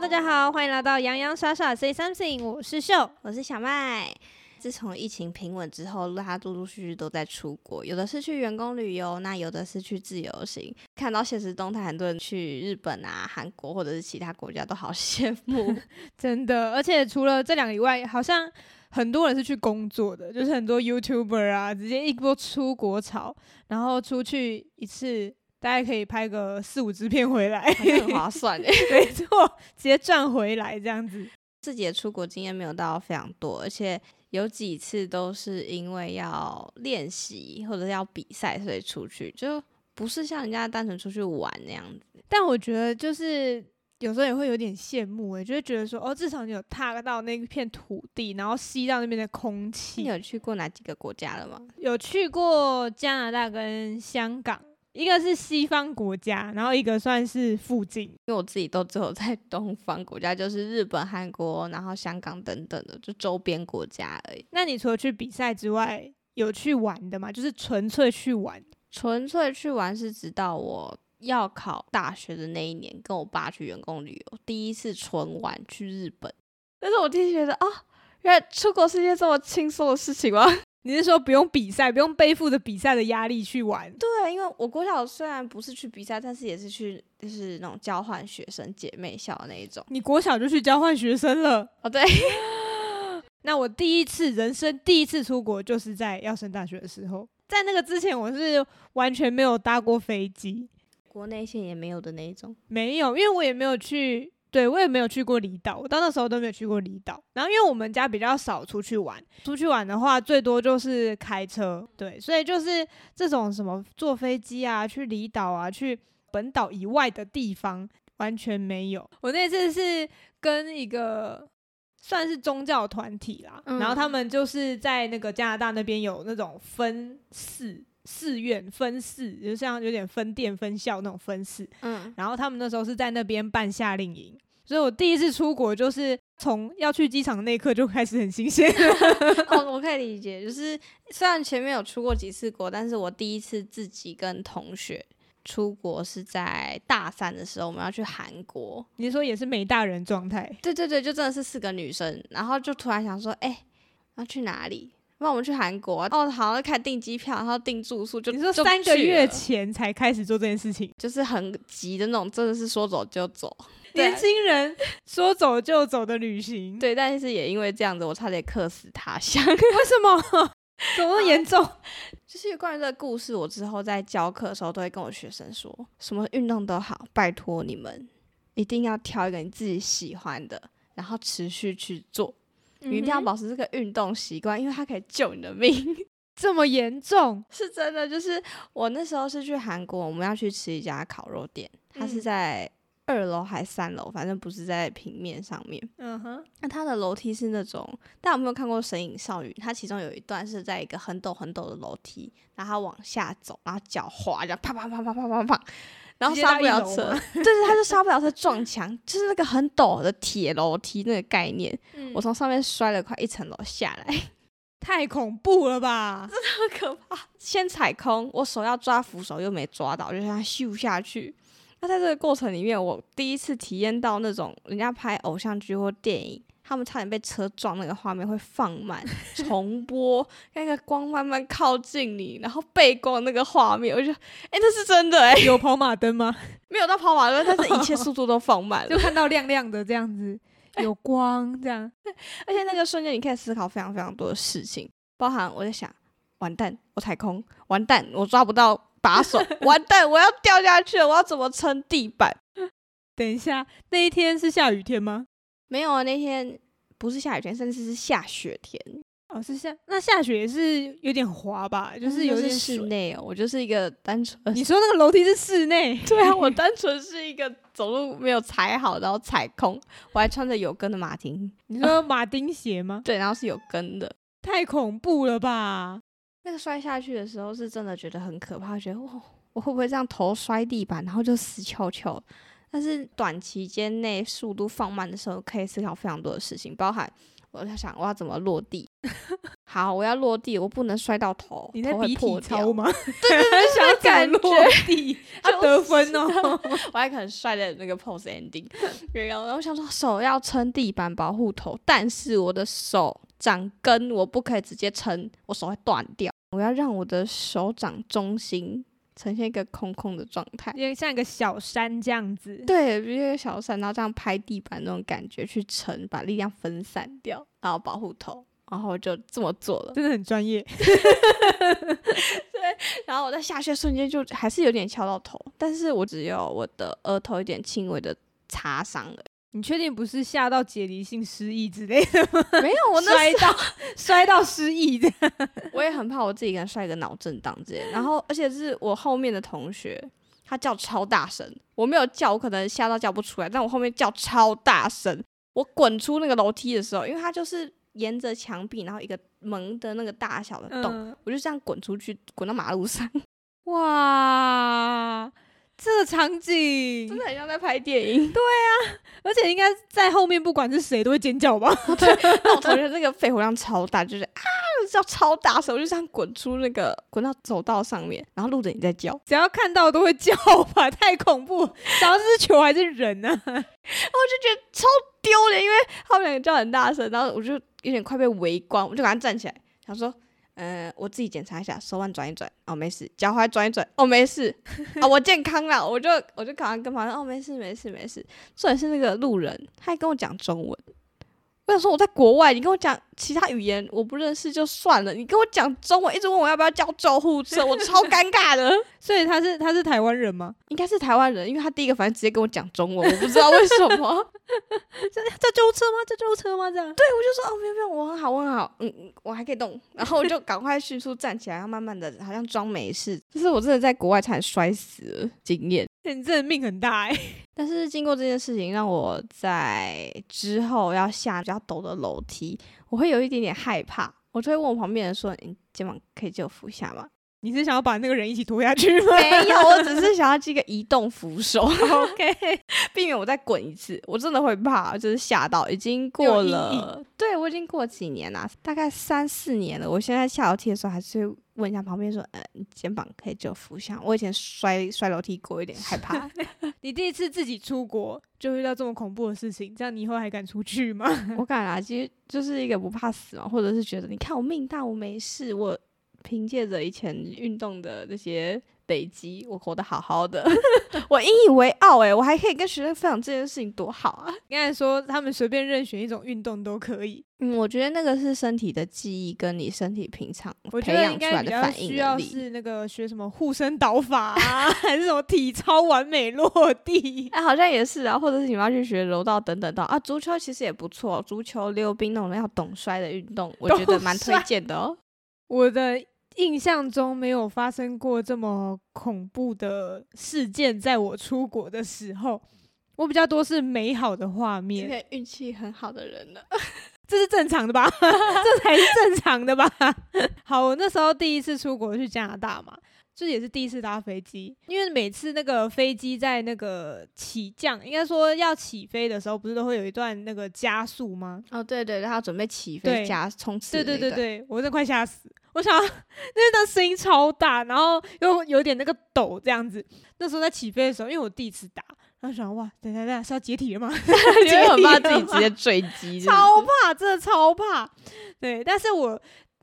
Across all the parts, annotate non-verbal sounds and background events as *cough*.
大家好，歡迎來到洋洋耍耍 Say Something。我是秀，我是小麥。自從疫情平穩之後，大家陸陸續續都在出國，有的是去員工旅遊，那有的是去自由行。看到現實動態，很多人去日本啊、韓國或者是其他國家都好羨慕， *laughs* 真的。而且除了這兩個以外，好像很多人是去工作的，就是很多 YouTuber 啊，直接一波出國潮，然後出去一次。大家可以拍個四五支片回來，好像很划算。 *laughs* 沒錯，直接賺回來這樣子。 *laughs* 自己的出國經驗沒有到非常多，而且有幾次都是因為要練習或者是要比賽，所以出去就不是像人家單純出去玩那樣子。但我覺得就是有時候也會有點羨慕，哎，就會覺得說，哦，至少你有踏到那一片土地，然後吸到那邊的空氣。你有去過哪幾個國家了嗎？有去過加拿大跟香港。一個是西方國家，然後一個算是附近，因為我自己都只有在東方國家，就是日本、韓國，然後香港等等的，就周邊國家而已。那你除了去比賽之外，有去玩的嗎？就是純粹去玩。純粹去玩是直到我要考大學的那一年，跟我爸去員工旅遊，第一次純玩去日本。但是我第一次覺得啊、哦，原來出國是一件這麼輕鬆的事情嗎？你是說不用比賽，不用背負着比賽的壓力去玩？對，因為我國小雖然不是去比賽，但是也是去就是那種交換學生姐妹校的那一種。你國小就去交換學生了？哦，對。 *laughs* 那我第一次人生第一次出國就是在要升大學的時候，在那個之前我是完全沒有搭過飛機，國內線也沒有的那一種。沒有，因為我也沒有去。對，我也沒有去過離島，我到那時候都沒有去過離島。然後，因為我們家比較少出去玩，出去玩的話最多就是開車，對，所以就是這種什麼坐飛機啊、去離島啊、去本島以外的地方，完全沒有。我那次是跟一個算是宗教團體啦、嗯，然後他們就是在那個加拿大那邊有那種分寺、寺院、分寺，就是、像有點分店、分校那種分寺、嗯。然後他們那時候是在那邊辦夏令營。所以，我第一次出國就是從要去機場那一刻就開始很新鮮、 *laughs* 哦。我我可以理解，就是雖然前面有出過幾次國，但是我第一次自己跟同學出國是在大三的時候，我們要去韓國。你說也是沒大人狀態？對對對，就真的是四個女生，然後就突然想說，哎、欸，要去哪裡？那我們去韓國哦、啊，然後好，看訂機票，然後訂住宿，就，就你說三個月前才開始做這件事情，就是很急的那種，真的是說走就走。年輕人說走就走的旅行，對，但是也因為這樣子，我差點客死他鄉。為什麼？ *laughs* 怎麼那麼嚴重？就是關於這個故事，我之後在教課的時候，都會跟我學生說，什麼運動都好，拜托你們一定要挑一個你自己喜歡的，然後持續去做。你一定要保持這個運動習慣，嗯，因為它可以救你的命。 *laughs* 這麼嚴重？是真的，就是我那時候是去韓國，我們要去吃一家烤肉店，它是在。嗯二樓還是三樓，反正不是在平面上面。嗯哼，那它的樓梯是那種，大家有沒有看過《神隱少女》？它其中有一段是在一個很陡很陡的樓梯，然後往下走，然後腳滑，然後啪啪啪啪啪啪啪，然後剎不了車，對 *laughs* 是他就剎不了車撞牆， *laughs* 就是那個很陡的鐵樓梯那個概念，嗯。我從上面摔了快一層樓下來，太恐怖了吧？真的可怕，先踩空，我手要抓扶手又沒抓到，就讓它咻下去。那在這個過程裡面，我第一次體驗到那種人家拍偶像劇或電影，他們差點被車撞那個畫面會放慢重播，那個光慢慢靠近你，然後背光那個畫面，我就哎，這、欸、是真的哎、欸，有跑馬燈嗎？沒有到跑馬燈，但是一切速度都放慢了， *laughs* 就看到亮亮的這樣子，有光這樣， *laughs* 而且那個瞬間你可以思考非常非常多的事情，包含我在想，完蛋，我踩空，完蛋，我抓不到。把手，完蛋！我要掉下去了，我要怎麼撐地板？ *laughs* 等一下，那一天是下雨天嗎？沒有、啊，那天不是下雨天，甚至是下雪天。哦，是下那下雪也是有點滑吧，就是有點室內哦。我就是一個單純、呃，你說那個樓梯是室內？ *laughs* 對啊，我單純是一個走路沒有踩好，然後踩空， *laughs* 我還穿着有跟的馬丁。你說，說馬丁鞋嗎、呃？對，然後是有跟的，太恐怖了吧！那、這個摔下去的時候，是真的覺得很可怕，覺得哇、哦，我會不會這樣頭摔地板，然後就死翹翹？但是短期間內速度放慢的時候，可以思考非常多的事情，包含我在想我要怎麼落地，好，我要落地，我不能摔到頭，你在比體操嗎？ *laughs* 對對對對 *laughs* 那感覺啊，地 *laughs* 得分哦， *laughs* 我還可能摔在那個 pose ending，然後我想說手要撐地板保護頭，但是我的手。掌根我不可以直接撐，我手會斷掉。我要讓我的手掌中心呈現一個空空的狀態，像一個小山這樣子。對，就是、一個小山，然後這樣拍地板那種感覺去撐，把力量分散掉，然後保護頭，然後就這麼做了。真的很專業。 *laughs* *laughs* 對，然後我在下去的瞬間就還是有點敲到頭，但是我只有我的額頭有點輕微的擦傷而已。你確定不是嚇到解離性失憶之類的嗎？沒有，我那摔到 *laughs* 摔到失憶的。 *laughs* 我也很怕我自己敢摔個腦震盪之類。然後，而且是我後面的同學，他叫超大聲，我沒有叫，我可能嚇到叫不出來。但我後面叫超大聲，我滾出那個樓梯的時候，因為它就是沿着牆壁，然後一個門的那個大小的洞，嗯、我就這樣滾出去，滾到馬路上。 *laughs* 哇！這個場景真的很像在拍電影，嗯。對啊，而且應該在後面，不管是誰都會尖叫吧？ *laughs* *laughs* 哦、然後我覺得那個肺活量超大，就是啊叫超大聲，我就這樣滾出那個，滾到走道上面，然後錄着你在叫，只要看到都會叫吧？太恐怖，然 *laughs* 後是球還是人呢？啊？ *laughs* 然後我就覺得超丟臉，因為後面兩個叫很大聲，然後我就有點快被圍觀，我就趕快站起來，想說。嗯、呃，我自己檢查一下，手腕轉一轉，哦沒事；腳踝轉一轉，哦沒事。啊、 *laughs* 哦，我健康了，我就我就考完跟跑，哦沒事沒事沒事。重點是那個路人，他還跟我講中文。我想說我在國外，你跟我講其他語言我不認識就算了，你跟我講中文，一直問我要不要叫救護車，我超尷尬的。 *laughs* 所以他是他是台灣人嗎？應該是台灣人，因為他第一個反應直接跟我講中文， *laughs* 我不知道為什麼。在 *laughs* 在救護車嗎？在救護車嗎？這樣，對，我就說哦沒有沒有，我很好我很好，嗯嗯，我還可以動。然後我就趕快迅速站起來，要慢慢的好像裝沒事， *laughs* 就是我真的在國外差點摔死了經驗。欸、你真的命很大哎、欸！但是經過這件事情，讓我在之後要下比較陡的樓梯，我會有一點點害怕。我就會問我旁邊人說：“你肩膀可以借我扶下嗎？”你是想要把那個人一起拖下去嗎？沒、欸、有，我只是想要借個移動扶手 *laughs* ，OK，避免我再滾一次。我真的會怕，就是嚇到。已經過了，對，我已經過幾年了，大概三四年了。我現在下樓梯的時候還是。問一下旁邊說，呃、嗯，肩膀可以就扶一下。我以前摔摔樓梯過一點害怕。 *laughs* 你第一次自己出國就遇到這麼恐怖的事情，這樣你以後還敢出去嗎？我敢啊，其實就是一個不怕死嘛，或者是覺得你看我命大，我沒事。我憑借着以前運動的那些。北極，我活得好好的， *laughs* 我引以為傲誒、欸，我還可以跟學生分享這件事情，多好啊！剛才說他們隨便任選一種運動都可以。嗯，我覺得那個是身體的記憶跟你身體平常培養出來的反應，我覺得應該比較需要是那個學什麼護身刀法，啊， *laughs* 還是什麼體操完美落地？ *laughs* 哎，好像也是啊，或者是你們要去學柔道等等到啊。足球其實也不錯，足球溜冰、那種要懂摔的運動，我覺得蠻推薦的哦。我的。印象中沒有發生過這麼恐怖的事件，在我出國的時候，我比較多是美好的畫面。今天運氣很好的人了， *laughs* 這是正常的吧？ *laughs* 這才是正常的吧？ *laughs* 好，我那時候第一次出國去加拿大嘛。這也是第一次搭飛機，因為每次那個飛機在那個起降，應該說要起飛的時候，不是都會有一段那個加速嗎？哦，對對對，要準備起飛加衝刺。對對對對，我都快嚇死，我想，那那聲音超大，然後又有點那個抖這樣子。那時候在起飛的時候，因為我第一次打，然後想哇，等下等下是要解體了嗎？因為很怕自己直接墜機，超怕，真的超怕。對，但是我。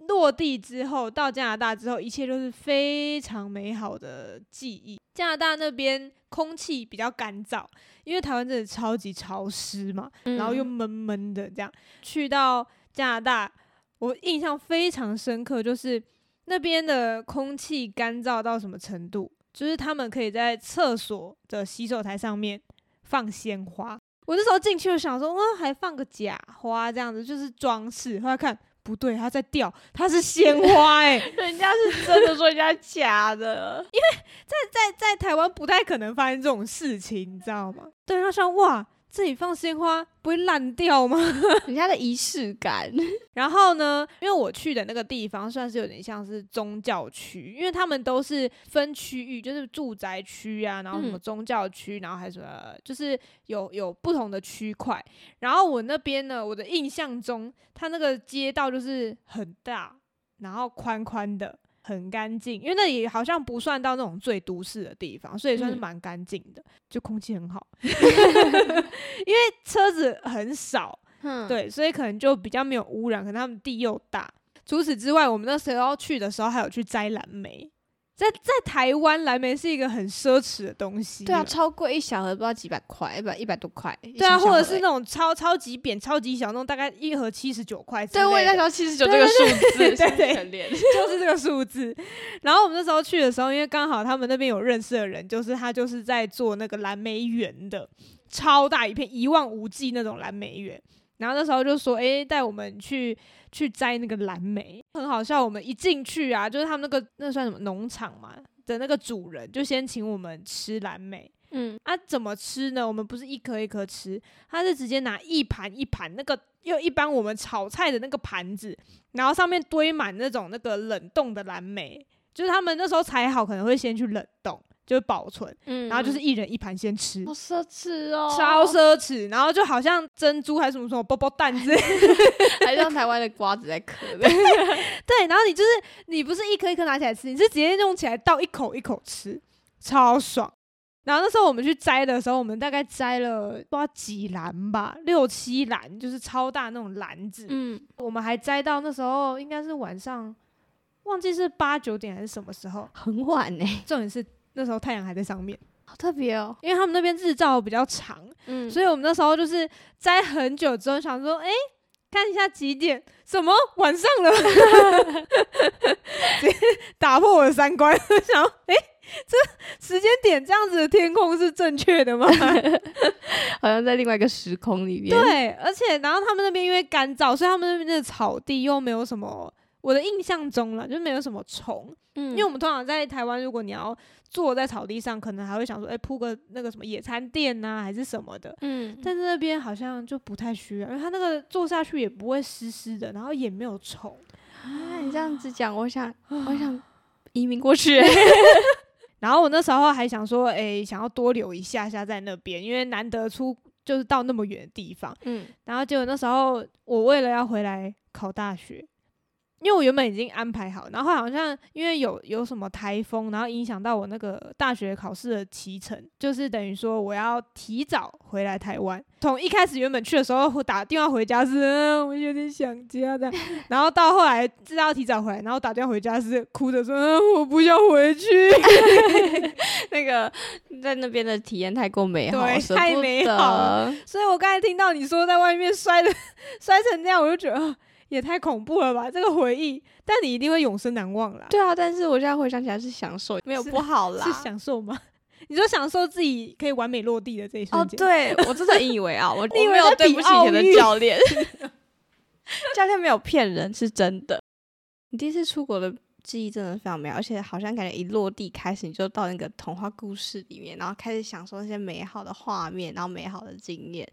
落地之後，到加拿大之後，一切都是非常美好的記憶。加拿大那邊空氣比較乾燥，因為台灣真的超級潮濕嘛、嗯，然後又悶悶的這樣。去到加拿大，我印象非常深刻，就是那邊的空氣乾燥到什麼程度，就是他們可以在廁所的洗手台上面放鮮花。我那時候進去，就想說，哇，還放個假花這樣子，就是裝飾。快看。不對，他在掉，他是鮮花哎、欸， *laughs* 人家是真的，說人家假的， *laughs* 因為在在在台灣不太可能發生這種事情，你知道嗎？對，他說哇。自己放鮮花不會爛掉嗎？人 *laughs* 家的儀式感。 *laughs* 然後呢，因為我去的那個地方算是有點像是宗教區，因為他們都是分區域，就是住宅區啊，然後什麼宗教區，然後還有什麼，就是有有不同的區塊。然後我那邊呢，我的印象中，它那個街道就是很大，然後寬寬的。很乾淨，因為那裡好像不算到那種最都市的地方，所以算是蠻乾淨的，嗯，就空氣很好， *laughs* *laughs* 因為車子很少，嗯，對，所以可能就比較沒有污染。可能他們地又大，除此之外，我們那時候要去的時候還有去摘藍莓。在在台灣，藍莓是一個很奢侈的東西。對啊，超貴，一小盒不知道幾百塊，一百一百多塊。對啊，或者是那種超超級扁、超級小那種，大概一盒七十九塊。對，對，對，我也在想七十九這個數字，對，對，對就是這個數字。然後我們那時候去的時候，因為剛好他們那邊有認識的人，就是他就是在做那個藍莓園的，超大一片，一望無際那種藍莓園。然後那時候就說：“哎、欸，帶我們去去摘那個藍莓，很好笑。我們一進去啊，就是他們那個那算什麼農場嘛的那個主人，就先請我們吃藍莓。嗯，啊，怎麼吃呢？我們不是一顆一顆吃，他是直接拿一盤一盤那個用一般我們炒菜的那個盤子，然後上面堆滿那種那個冷凍的藍莓，就是他們那時候採好可能會先去冷凍。”就保存，嗯，然後就是一人一盤先吃，好奢侈哦，超奢侈。然後就好像珍珠還是什麼什麼包包蛋子，還、就是、 *laughs* 還像台灣的瓜子在嗑的。 *laughs* 對，然後你就是你不是一顆一顆拿起來吃，你是直接用起來倒一口一口吃，超爽。然後那時候我們去摘的時候，我們大概摘了不知道幾籃吧，六七籃，就是超大那種籃子，嗯。我們還摘到那時候應該是晚上，忘記是八九點還是什麼時候，很晚呢、欸。重點是。那時候太陽還在上面，好特別哦、喔！因為他們那邊日照比較長，嗯，所以我們那時候就是摘很久之後，想說，哎、欸，看一下幾點，什麼晚上了？ *laughs* *laughs* 打破我的三觀，想說，哎、欸，這時間點這樣子的天空是正確的嗎？ *laughs* 好像在另外一個時空裡面。對，而且然後他們那邊因為乾燥，所以他們那邊的草地又沒有什麼。我的印象中了，就沒有什麼蟲，嗯，因為我們通常在台灣，如果你要坐在草地上，可能還會想說，哎、欸，鋪個那個什麼野餐墊吶、啊，還是什麼的，嗯，但是那邊好像就不太需要，因為它那個坐下去也不會濕濕的，然後也沒有蟲。啊，你這樣子講、啊，我想、啊，我想移民過去、欸。 *laughs* *laughs* 然後我那時候還想說，哎、欸，想要多留一下下在那邊，因為難得出，就是到那麼遠的地方，嗯，然後結果那時候我為了要回來考大學。因為我原本已經安排好，然後，後好像因為有有什麼颱風，然後影響到我那個大學考試的期程，就是等於說我要提早回來台灣。從一開始原本去的時候，我打電話回家是，嗯，我有點想家的，然後到後來知道提早回來，然後打電話回家是哭着說，嗯，我不要回去。 *laughs* *laughs* 那個 *laughs* 在那邊的體驗太過美好，太美好了。所以我剛才聽到你說在外面摔的摔成這樣，我就覺得。哦也太恐怖了吧！這個回憶，但你一定會永生難忘啦。對啊，但是我現在回想起來是享受是，沒有不好啦，是享受嗎？你說享受自己可以完美落地的這一瞬間。哦，對，我真的以為啊， *laughs* 我，以為我沒有對不起你的教練。 *laughs* 教練沒有騙人，是真的。 *laughs* 你第一次出國的記憶真的非常美好，而且好像感覺一落地開始你就到那個童話故事裡面，然後開始享受那些美好的畫面，然後美好的經驗。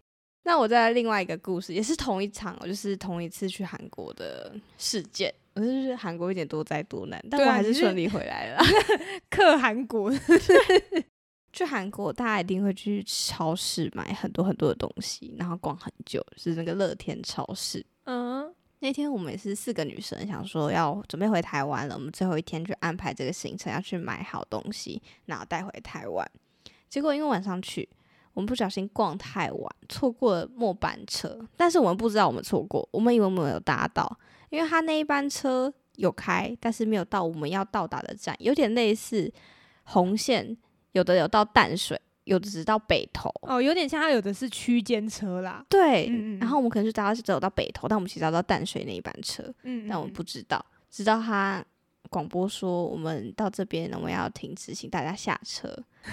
那我再另外一個故事，也是同一場，我就是同一次去韓國的事件。我就是韓國有點多災多難、啊，但我還是順利回來了。 *laughs* 克韓國 *laughs* 去韓國，大家一定會去超市買很多很多的東西，然後逛很久。就是那個樂天超市。嗯，那天我們也是四個女生，想說要準備回台灣了，我們最後一天就安排這個行程，要去買好東西，然後帶回台灣。結果因為晚上去。我們不小心逛太晚，錯過了末班車，但是我們不知道我們錯過，我們以為我們有搭到，因為他那一班車有開，但是沒有到我們要到達的站，有點類似紅線，有的有到淡水，有的只到北投。哦，有點像他有的是區間車啦。對，嗯嗯，然後我們可能就搭到走到北投，但我們其實搭到淡水那一班車，嗯嗯，但我們不知道，直到他廣播說我們到這邊，我們要停止，請大家下車，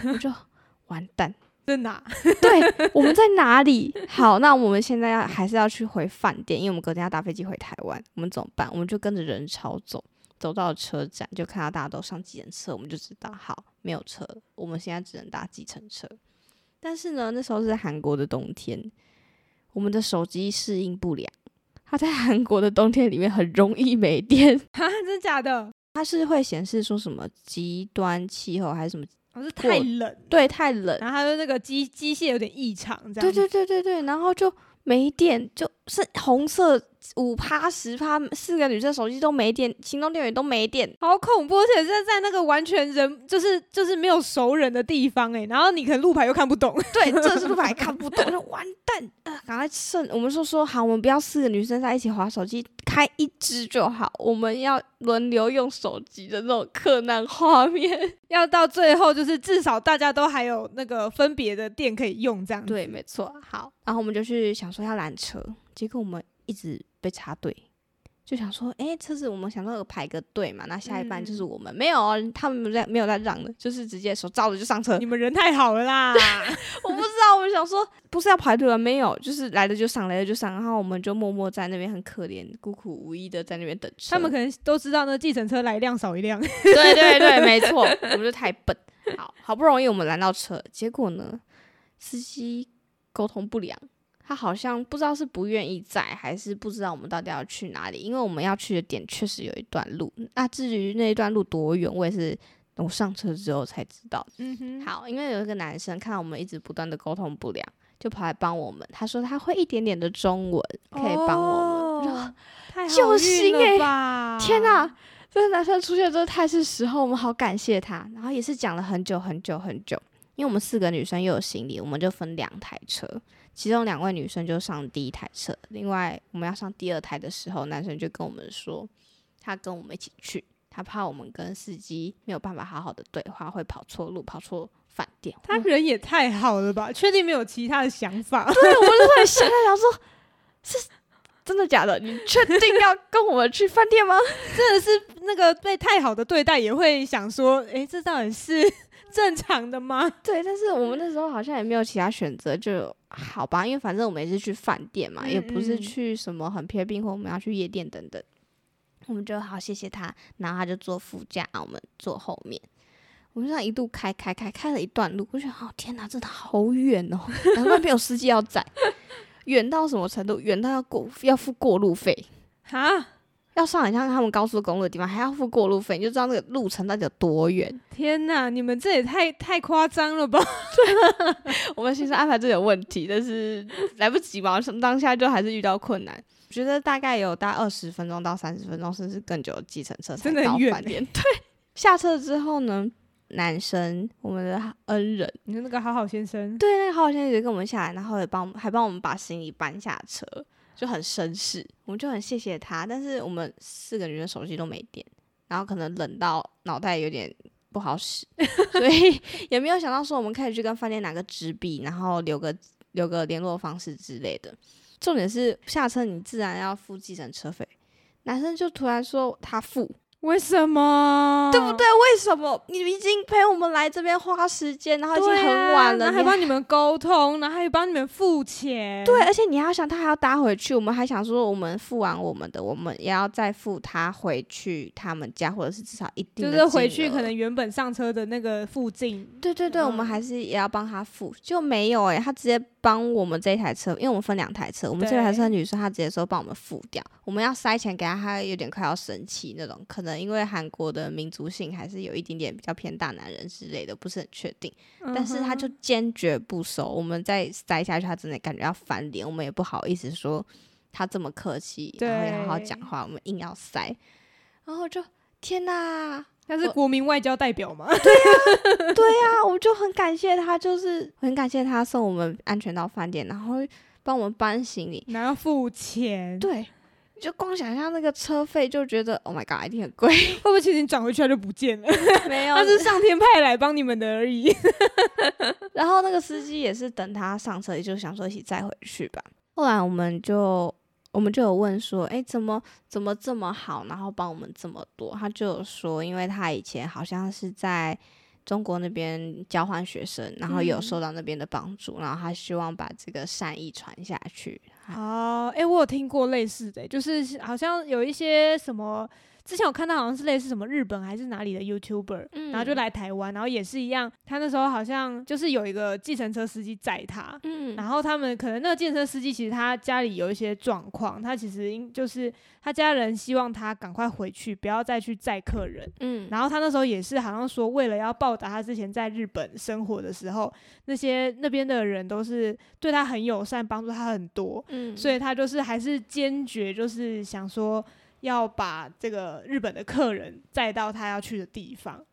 我就 *laughs* 完蛋。在哪？對， *laughs* 我們在哪裡？好，那我們現在要還是要去回飯店？因為我們隔天要搭飛機回台灣，我們怎麼辦？我們就跟着人潮走，走到了車站就看到大家都上計程車，我們就知道好，沒有車，我們現在只能搭計程車。但是呢，那時候是韓國的冬天，我們的手機適應不良，它在韓國的冬天裡面很容易沒電。哈，真的假的？它是會顯示說什麼極端氣候還是什麼？不是太冷，對，太冷。然後他的那個機機械有點異常，這樣子。對對對對對，然後就沒電就。是紅色五趴十趴，四個女生手機都沒電，行動電源都沒電，好恐怖！而且是在那個完全人就是就是沒有熟人的地方誒、欸。然後你可能路牌又看不懂，對，這是路牌看不懂， *laughs* 完蛋！啊、呃，趕快趁我們就說說好，我們不要四個女生在一起滑手機，開一支就好，我們要輪流用手機的那種困難畫面，要到最後就是至少大家都還有那個分別的電可以用這樣子。對，沒錯，好，然、啊、後我們就去想說要纜車。結果我們一直被插隊，就想說，哎，車子我們想說有排個隊嘛，那下一班就是我們、嗯、沒有啊，他們不在，沒有在讓的，就是直接手招着就上車。你們人太好了啦！ *laughs* 我不知道，我們想說不是要排隊了，沒有，就是來了就上，來了就上。然後我們就默默在那邊很可憐、孤苦無依的在那邊等車。他們可能都知道，那計程車來一輛少一輛。 *laughs* 對對對，沒錯，我們就太笨。好好不容易我們攔到車，結果呢，司機溝通不良。他好像不知道是不願意載，還是不知道我們到底要去哪裡，因為我們要去的點確實有一段路。那至於那一段路多遠，我也是我上車之後才知道。嗯哼。好，因為有一個男生看到我們一直不斷的溝通不良，就跑來幫我們。他說他會一點點的中文，可以幫我們。哦、太幸運了吧、救星、欸、天哪、啊，這個男生出現真的太是時候，我們好感謝他。然後也是講了很久很久很久，因為我們四個女生又有行李，我們就分兩台車。其中兩位女生就上第一台車，另外我們要上第二台的時候，男生就跟我們說，他跟我們一起去，他怕我們跟司機沒有辦法好好的對話，會跑錯路，跑錯飯店。他人也太好了吧？ *laughs* 確定沒有其他的想法？對我們都很想他想說， *laughs* 是真的假的？你確定要跟我們去飯店嗎？ *laughs* 真的是那個被太好的對待，也會想說，哎，這到底是正常的嗎？ *laughs* 對，但是我們那時候好像也沒有其他選擇，就。好吧，因為反正我們也是去飯店嘛，嗯嗯，也不是去什麼很偏僻，或我們要去夜店等等，我們就好，謝謝他，然後他就坐副駕，我們坐後面。我們這樣一路開開開，開了一段路，我覺得好、哦、天哪，真的好遠哦！ *laughs* 難怪沒有司機要載，遠到什麼程度？遠到要過，要付過路費。要上很像他們高速公路的地方，還要付過路費，你就知道那個路程到底有多遠。天哪，你們這也太太誇張了吧？對 *laughs* *laughs* *laughs* 我們行程安排這有問題，但是來不及吧？當下就還是遇到困難。 *laughs* 我覺得大概有大二十分鐘到三十分鐘，甚至更久的計程車才到飯店。真的很遠、欸。對， *laughs* *laughs* 下車之後呢，男生，我們的恩人，你說那個好好先生，對，那個好好先生也跟我們下來，然後也幫還幫我們把行李搬下車。就很紳士，我們就很謝謝他。但是我們四個女生手機都沒電，然後可能冷到腦袋有點不好使， *laughs* 所以也沒有想到說我們可以去跟飯店拿個紙筆，然後留個留個聯絡方式之類的。重點是下車你自然要付計程車費，男生就突然說他付。為什麼？對不對？為什麼？你已經陪我們來這邊花時間，然後已經很晚了，啊、還，還幫你們溝通，然後還幫你們付錢。對，而且你要想，他還要搭回去。我們還想說，我們付完我們的，我們也要再付他回去他們家，或者是至少一定就是回去可能原本上車的那個附近。對對對，我們還是也要幫他付，就沒有哎、欸，他直接幫我們這台車，因為我們分兩台車，我們這台車女生，他直接說幫我們付掉。我們要塞錢給他，他有點快要生氣那種可能。因為韓國的民族性還是有一點點比較偏大男人之類的，不是很確定，嗯。但是他就堅決不收，我們再塞下去，他真的感覺要翻臉。我們也不好意思說他這麼客氣，然後要好好講話。我們硬要塞，然後我就，天哪！他是國民外交代表嗎？對呀，對呀，啊啊，我們就很感謝他，就是 *laughs* 很感謝他送我們安全到飯店，然後幫我們搬行李，然後付錢。對。就光想象那個車費，就覺得 Oh my god，一定很貴。會不會其實你轉回去，它就不見了？沒有，它是上天派來幫你們的而已。 *laughs* 然後那個司機也是等他上車，就想說一起再回去吧。後來我們就我們就有問說，哎、欸，怎麼怎麼這麼好，然後幫我們這麼多？他就有說，因為他以前好像是在。中國那邊交換學生，然後有受到那邊的幫助、嗯，然後他希望把這個善意傳下去。好、嗯，哎、嗯欸，我有聽過類似的、欸，就是好像有一些什麼。之前我看到好像是類似什麼日本還是哪裡的 YouTuber，嗯，然後就來台灣，然後也是一樣。他那時候好像就是有一個計程車司機載他，嗯，然後他們可能那個計程車司機其實他家裡有一些狀況，他其實應就是他家人希望他趕快回去，不要再去載客人，嗯。然後他那時候也是好像說為了要報答他之前在日本生活的時候，那些那邊的人都是對他很友善，幫助他很多，嗯。所以他就是還是堅決就是想說。要把這個日本的客人載到他要去的地方，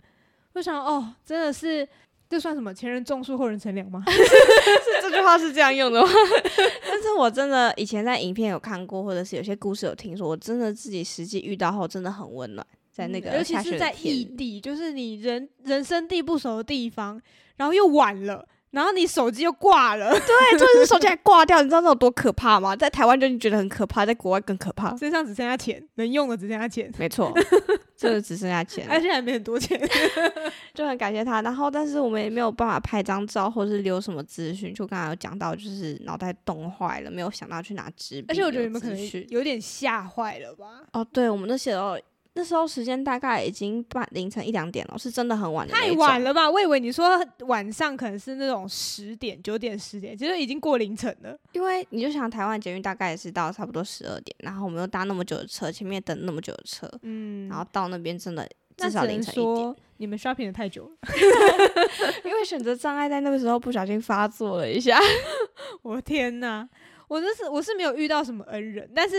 我想哦，真的是這算什麼？前人種樹後人乘涼嗎？ *laughs* *laughs* 是這句話是這樣用的 *laughs* 但是我真的以前在影片有看過，或者是有些故事有聽說，我真的自己實際遇到後真的很溫暖，在那個、嗯、而且是在異地，就是你人人生地不熟的地方，然後又晚了。然後你手機又掛了， *laughs* 對，就是手機還掛掉，你知道那有多可怕嗎？在台灣就你覺得很可怕，在國外更可怕。身上只剩下錢，能用的只剩下錢，沒錯， *laughs* 就是只剩下錢。而且還沒很多錢， *laughs* *laughs* 就很感謝他。然後，但是我們也沒有辦法拍張照，或是留什麼資訊。就剛才有講到，就是腦袋凍壞了，沒有想到去拿紙，而且我覺得你們可能有點嚇壞了吧？ *laughs* 哦，對，我們那寫到那時候時間大概已經半凌晨一兩點了，是真的很晚的。太晚了吧？我以為你說晚上可能是那種十點、九點、十點，其實已經過凌晨了。因為你就想台灣捷運大概也是到差不多十二點，然後我們又搭那麼久的車，前面也等那麼久的車，嗯，然後到那邊真的至少說凌晨一點。你們刷屏的太久了 *laughs* *laughs* 因為選擇障礙在那個時候不小心發作了一下。 *laughs* 我天哪！我這是我是沒有遇到什麼恩人，但是。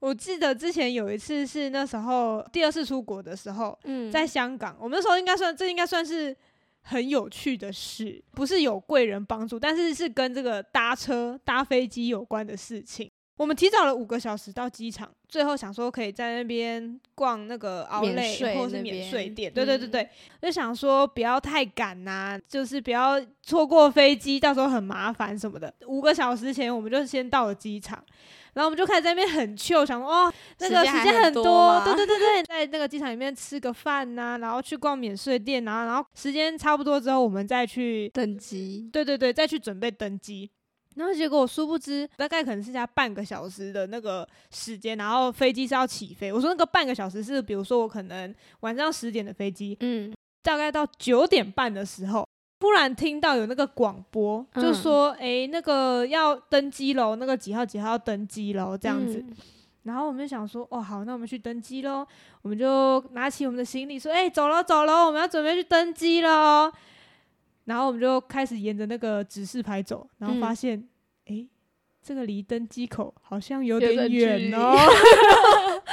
我記得之前有一次是那時候第二次出國的時候，嗯，在香港，我們那時候應該算這應該算是很有趣的事，不是有貴人幫助，但是是跟這個搭車搭飛機有關的事情。我們提早了五個小時到機場，最後想說可以在那邊逛那個 outlet 或是免稅店、嗯，對對對對，就想說不要太趕吶、啊，就是不要錯過飛機，到時候很麻煩什麼的。五個小時前我們就先到了機場，然後我們就開始在那邊很 chill，想說哇、哦，那個時間很多，間很多，對對對對，在那個機場裡面吃個飯吶、啊，然後去逛免稅店啊，然後時間差不多之後，我們再去登機，對對對，再去準備登機。然後結果我殊不知，大概可能是剩下半個小時的那個時間，然後飛機是要起飛。我說那個半個小時是，比如說我可能晚上十點的飛機，嗯，大概到九點半的時候，突然聽到有那個廣播、嗯，就說：“哎、欸，那個要登機嘍，那個幾號幾號要登機嘍。”這樣子，嗯、然後我們就想說：“哦，好，那我們去登機咯。”我們就拿起我們的行李，說：“哎、欸，走咯，走咯，我們要準備去登機嘍。”然後我們就開始沿着那個指示牌走，然後發現，哎、嗯欸，這個離登機口好像有點遠哦、喔。 *laughs* *laughs*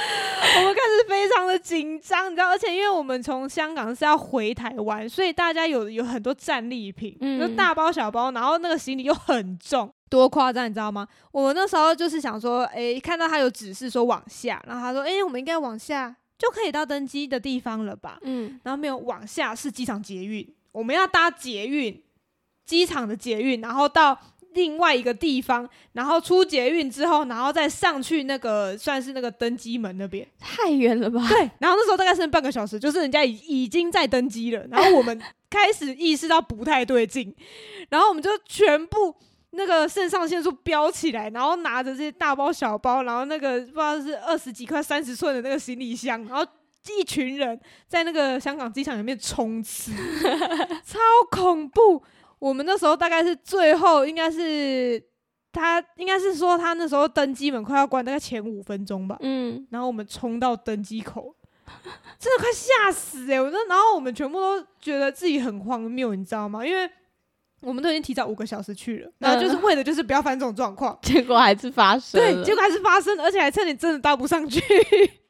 我們開始非常的緊張，你知道，而且因為我們從香港是要回台灣，所以大家有有很多戰利品，就、嗯、大包小包，然後那個行李又很重，多誇張，你知道嗎？我們那時候就是想說，哎、欸，看到他有指示說往下，然後他說，哎、欸，我們應該往下就可以到登機的地方了吧？嗯、然後沒有往下是機場捷運。我們要搭捷運，機場的捷運，然後到另外一個地方，然後出捷運之後，然後再上去那個算是那個登機門那邊，太遠了吧？對。然後那時候大概剩半個小時，就是人家已已經在登機了，然後我們開始意識到不太對勁， *laughs* 然後我們就全部那個腎上腺素飆起來，然後拿着這些大包小包，然後那個不知道是二十幾塊、三十寸的那個行李箱，然後。一群人在那個香港機場裡面衝刺， *laughs* 超恐怖！我們那時候大概是最後，應該是他應該是說他那時候登機門快要關，大概前五分鐘吧。嗯，然後我們衝到登機口，真的快嚇死哎！我說然後我們全部都覺得自己很荒謬，你知道嗎？因為。我們都已經提早五個小時去了，然後就是為的就是不要犯這種狀況，嗯，結果還是發生。對，結果還是發生了，而且還差點真的搭不上去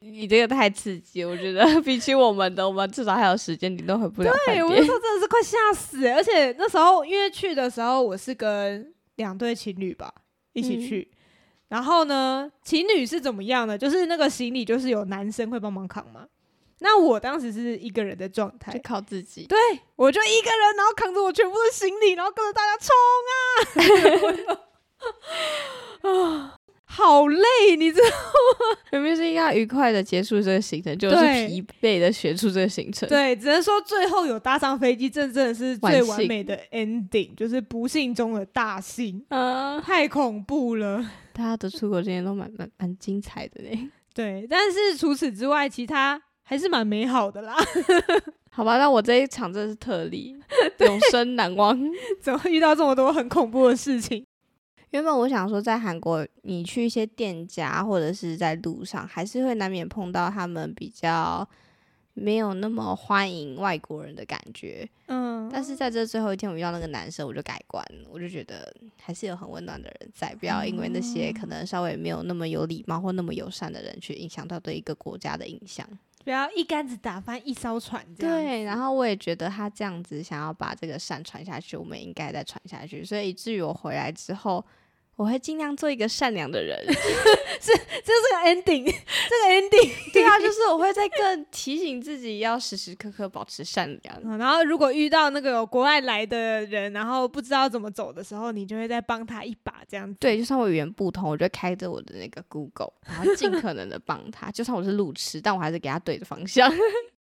你。你這個太刺激，我覺得比起我們的，我們至少還有時間，你都回不了飯店。對，我就說，真的是快嚇死，欸。而且那時候因為去的時候，我是跟兩對情侶吧一起去，嗯，然後呢，情侶是怎麼樣的？就是那個行李，就是有男生會幫忙扛嗎？那我當時是一個人的狀態，靠自己。對，我就一個人，然後扛着我全部的行李，然後跟着大家衝啊！ *laughs* *laughs* 好累，你知道嗎？明明是應該愉快的結束這個行程，就是疲憊的結束這個行程。對，只能說最後有搭上飛機，真的是最完美的 ending，就是不幸中的大幸。太恐怖了，大家的出國經驗都蠻蠻蠻精彩的嘞。對，但是除此之外，其他。還是蠻美好的啦， *laughs* 好吧，那我這一場真的是特例， *laughs* 永生難忘。怎麼會遇到這麼多很恐怖的事情？ *laughs* 原本我想說，在韓國你去一些店家或者是在路上，還是會難免碰到他們比較沒有那麼歡迎外國人的感覺。嗯，但是在這最後一天，我遇到那個男生，我就改觀，我就覺得還是有很溫暖的人在，不要、嗯、因為那些可能稍微沒有那麼有禮貌或那麼友善的人，去影響到對一個國家的印象。不要一竿子打翻一艘船，對，然後我也覺得他這樣子想要把這個善傳下去，我們應該再傳下去，所以以至於我回來之後。我會盡量做一個善良的人， *laughs* 是，這是個 ending， *laughs* 這個 ending， *laughs* 對啊，就是我會再更提醒自己要時時刻刻保持善良，嗯。然後如果遇到那個有國外來的人，然後不知道怎麼走的時候，你就會再幫他一把，這樣子。對，就算我語言不通，我就開着我的那個 Google，然後盡可能的幫他。 *laughs* 就算我是路痴，但我還是給他對着方向。 *laughs*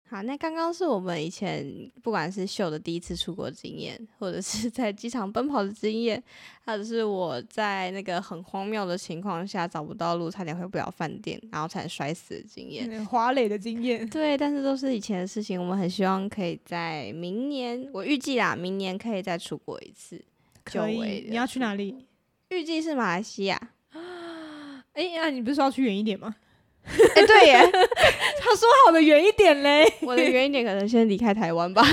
好，那剛剛是我們以前不管是秀的第一次出國的經驗，或者是在機場奔跑的經驗，或者是我在那個很荒謬的情況下找不到路，差點回不了飯店，然後差點摔死的經驗，華、嗯、麗的經驗。對，但是都是以前的事情。我們很希望可以在明年，我預計啦，明年可以再出國一次位。可以，你要去哪裡？預計是馬來西亞。哎呀，你不是說要去遠一點嗎？哎、 *laughs* 欸，對耶， *laughs* 他說好的遠一點嘞，我的遠一點可能先離開台灣吧，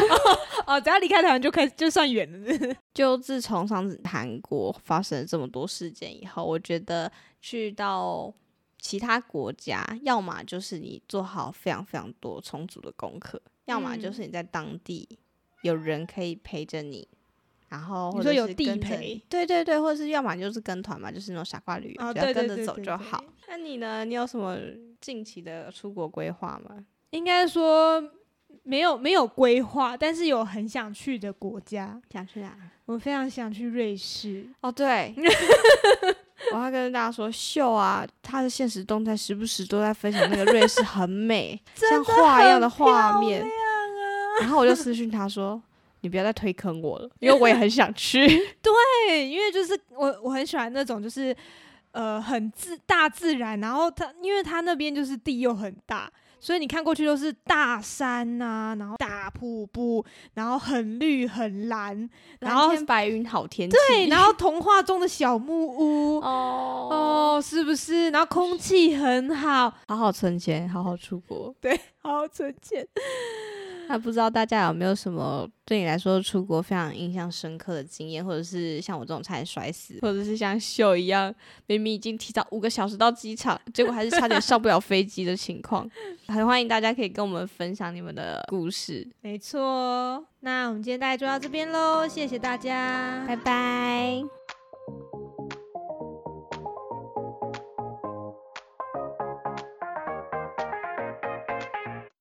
哦，只要離開台灣就可以，就算遠了是不是？就自從上次韓國發生了這麼多事件以後，我覺得去到其他國家，要麼就是你做好非常非常多充足的功課、嗯，要麼就是你在當地有人可以陪着你，然後或者你，你說有地陪，對對對，或者是要麼就是跟團嘛，就是那種傻瓜旅遊，哦、只要跟着走就好，對對對對對對。那你呢？你有什麼近期的出國規劃嗎？應該說沒有沒有規劃，但是有很想去的國家。想去哪？我非常想去瑞士。哦，對， *laughs* 我要跟大家說，秀啊，他的限時動態時不時都在分享那個瑞士很美， *laughs* 很啊、像畫一樣的畫面。 *laughs* 然後我就私訊他說。你不要再推坑我了，因為我也很想去。 *laughs* 對，因為就是我，我很喜歡那種，就是呃，很自大自然，然後它，因為它那邊就是地又很大，所以你看過去都是大山吶、啊，然後大瀑布，然後很綠很藍，藍天，然後白雲好天氣，對，然後童話中的小木屋， *laughs* 哦哦，是不是？然後空氣很好， *laughs* 好好存錢，好好出國，對，好好存錢。那不知道大家有沒有什麼對你來說出國非常印象深刻的經驗，或者是像我這種差點摔死，或者是像秀一樣明明已經提早五個小時到機場， *laughs* 結果還是差點上不了飛機的情況？ *laughs* 很歡迎大家可以跟我們分享你們的故事。沒錯，那我們今天大概就到這邊嘍，謝謝大家，拜拜。